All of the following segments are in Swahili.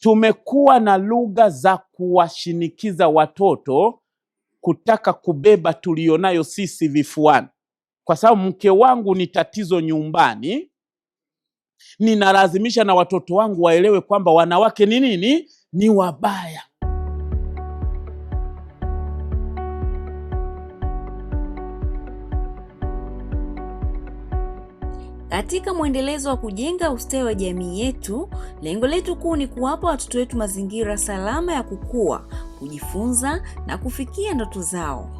Tumekuwa na lugha za kuwashinikiza watoto kutaka kubeba tulionayo sisi vifuani, kwa sababu mke wangu ni tatizo nyumbani, ninalazimisha na watoto wangu waelewe kwamba wanawake ni nini, ni wabaya. Katika mwendelezo wa kujenga ustawi wa jamii yetu, lengo letu kuu ni kuwapa watoto wetu mazingira salama ya kukua, kujifunza na kufikia ndoto zao.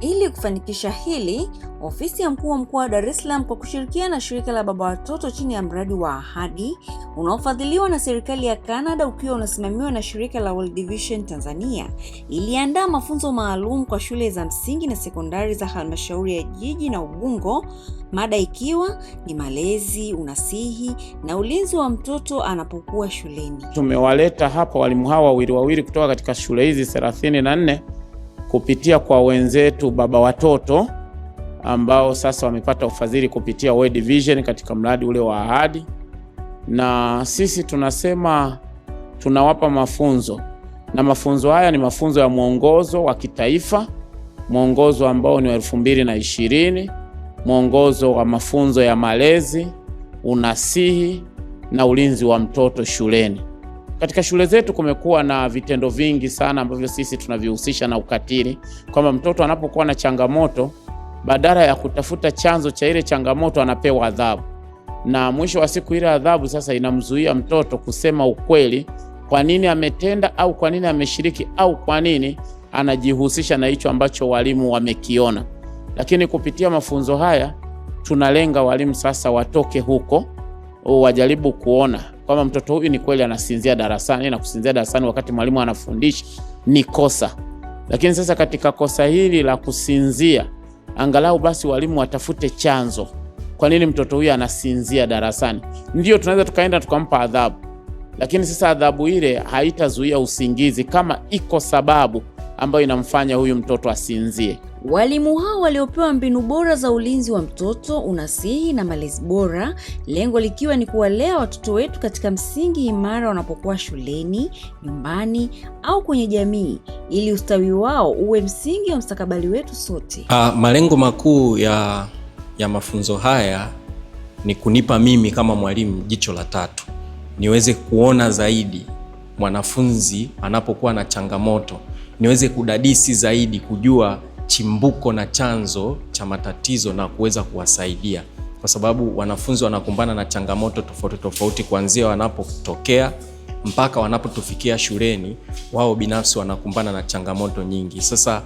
Ili kufanikisha hili, ofisi ya mkuu wa mkoa wa Dar es Salaam kwa kushirikiana na shirika la baba watoto chini ya mradi wa Ahadi unaofadhiliwa na serikali ya Canada ukiwa unasimamiwa na shirika la World Vision Tanzania iliandaa mafunzo maalum kwa shule za msingi na sekondari za halmashauri ya jiji na Ubungo, mada ikiwa ni malezi, unasihi na ulinzi wa mtoto anapokuwa shuleni. Tumewaleta hapa walimu hawa wawili wawili kutoka katika shule hizi 34 kupitia kwa wenzetu baba watoto ambao sasa wamepata ufadhili kupitia World Vision katika mradi ule wa ahadi, na sisi tunasema tunawapa mafunzo, na mafunzo haya ni mafunzo ya mwongozo wa kitaifa, mwongozo ambao ni wa elfu mbili na ishirini, mwongozo wa mafunzo ya malezi, unasihi na ulinzi wa mtoto shuleni. Katika shule zetu kumekuwa na vitendo vingi sana ambavyo sisi tunavihusisha na ukatili, kwamba mtoto anapokuwa na changamoto, badala ya kutafuta chanzo cha ile changamoto, anapewa adhabu, na mwisho wa siku ile adhabu sasa inamzuia mtoto kusema ukweli, kwa nini ametenda au kwa nini ameshiriki au kwa nini anajihusisha na hicho ambacho walimu wamekiona. Lakini kupitia mafunzo haya tunalenga walimu sasa watoke huko, wajaribu kuona kwamba mtoto huyu ni kweli anasinzia darasani na kusinzia darasani wakati mwalimu anafundisha ni kosa. Lakini sasa katika kosa hili la kusinzia, angalau basi walimu watafute chanzo, kwa nini mtoto huyu anasinzia darasani? Ndio tunaweza tukaenda tukampa adhabu, lakini sasa adhabu ile haitazuia usingizi kama iko sababu ambayo inamfanya huyu mtoto asinzie. Walimu hao waliopewa mbinu bora za ulinzi wa mtoto, unasihi na malezi bora, lengo likiwa ni kuwalea watoto wetu katika msingi imara wanapokuwa shuleni, nyumbani au kwenye jamii, ili ustawi wao uwe msingi wa mstakabali wetu sote. Ah, malengo makuu ya, ya mafunzo haya ni kunipa mimi kama mwalimu jicho la tatu, niweze kuona zaidi mwanafunzi anapokuwa na changamoto, niweze kudadisi zaidi kujua chimbuko na chanzo cha matatizo na kuweza kuwasaidia, kwa sababu wanafunzi wanakumbana na changamoto tofauti tofauti kuanzia wanapotokea mpaka wanapotufikia shuleni, wao binafsi wanakumbana na changamoto nyingi. Sasa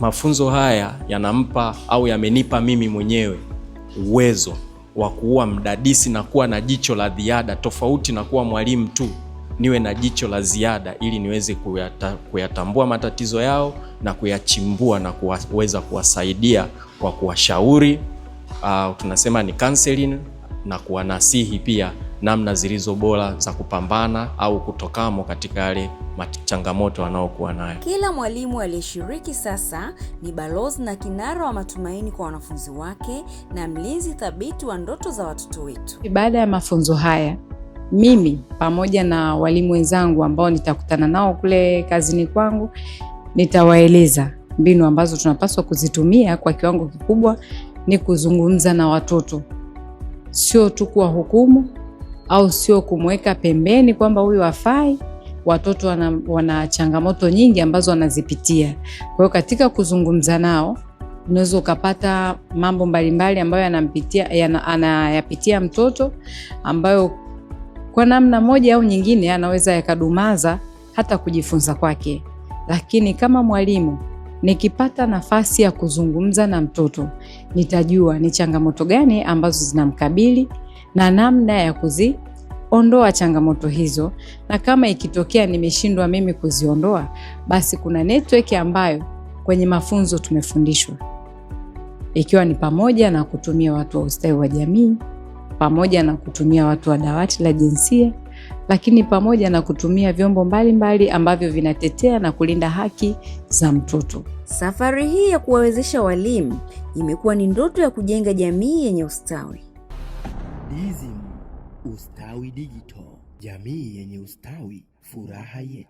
mafunzo haya yanampa au yamenipa mimi mwenyewe uwezo wa kuwa mdadisi na kuwa na jicho la ziada tofauti na kuwa mwalimu tu niwe na jicho la ziada ili niweze kuyata, kuyatambua matatizo yao na kuyachimbua na kuweza kuwasaidia kwa kuwashauri uh, tunasema ni counseling na kuwanasihi pia namna zilizo bora za kupambana au kutokamo katika yale changamoto wanaokuwa nayo. Kila mwalimu aliyeshiriki sasa ni balozi na kinara wa matumaini kwa wanafunzi wake na mlinzi thabiti wa ndoto za watoto wetu. Baada ya mafunzo haya mimi pamoja na walimu wenzangu ambao nitakutana nao kule kazini kwangu, nitawaeleza mbinu ambazo tunapaswa kuzitumia. Kwa kiwango kikubwa ni kuzungumza na watoto, sio tu kuwa hukumu au sio kumweka pembeni kwamba huyu hafai. Watoto wana, wana changamoto nyingi ambazo wanazipitia. Kwa hiyo katika kuzungumza nao unaweza ukapata mambo mbalimbali ambayo anayapitia mtoto ambayo kwa namna moja au nyingine, anaweza yakadumaza hata kujifunza kwake. Lakini kama mwalimu nikipata nafasi ya kuzungumza na mtoto, nitajua ni changamoto gani ambazo zinamkabili na namna ya kuziondoa changamoto hizo, na kama ikitokea nimeshindwa mimi kuziondoa, basi kuna network ambayo kwenye mafunzo tumefundishwa, ikiwa ni pamoja na kutumia watu wa ustawi wa jamii pamoja na kutumia watu wa dawati la jinsia, lakini pamoja na kutumia vyombo mbalimbali mbali ambavyo vinatetea na kulinda haki za mtoto. Safari hii ya kuwawezesha walimu imekuwa ni ndoto ya kujenga jamii yenye ustawi. DSM Ustawi Digital, jamii yenye ustawi, furaha yetu.